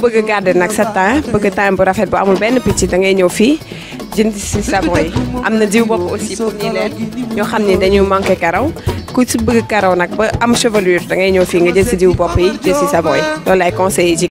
bëgg a garder nag sa temps bëgg temps bu rafet bu amul benn picc da ngay ñëw fii jënd si savon yi am na jiw bopp aussi pour ñi leen ñoo xam ni dañuy manqué karaw ku si bëgg karaw nag ba am chevelure dangay ñëw fii nga jël si jiw bopp yi jël si savon yi loolu ay conseils yi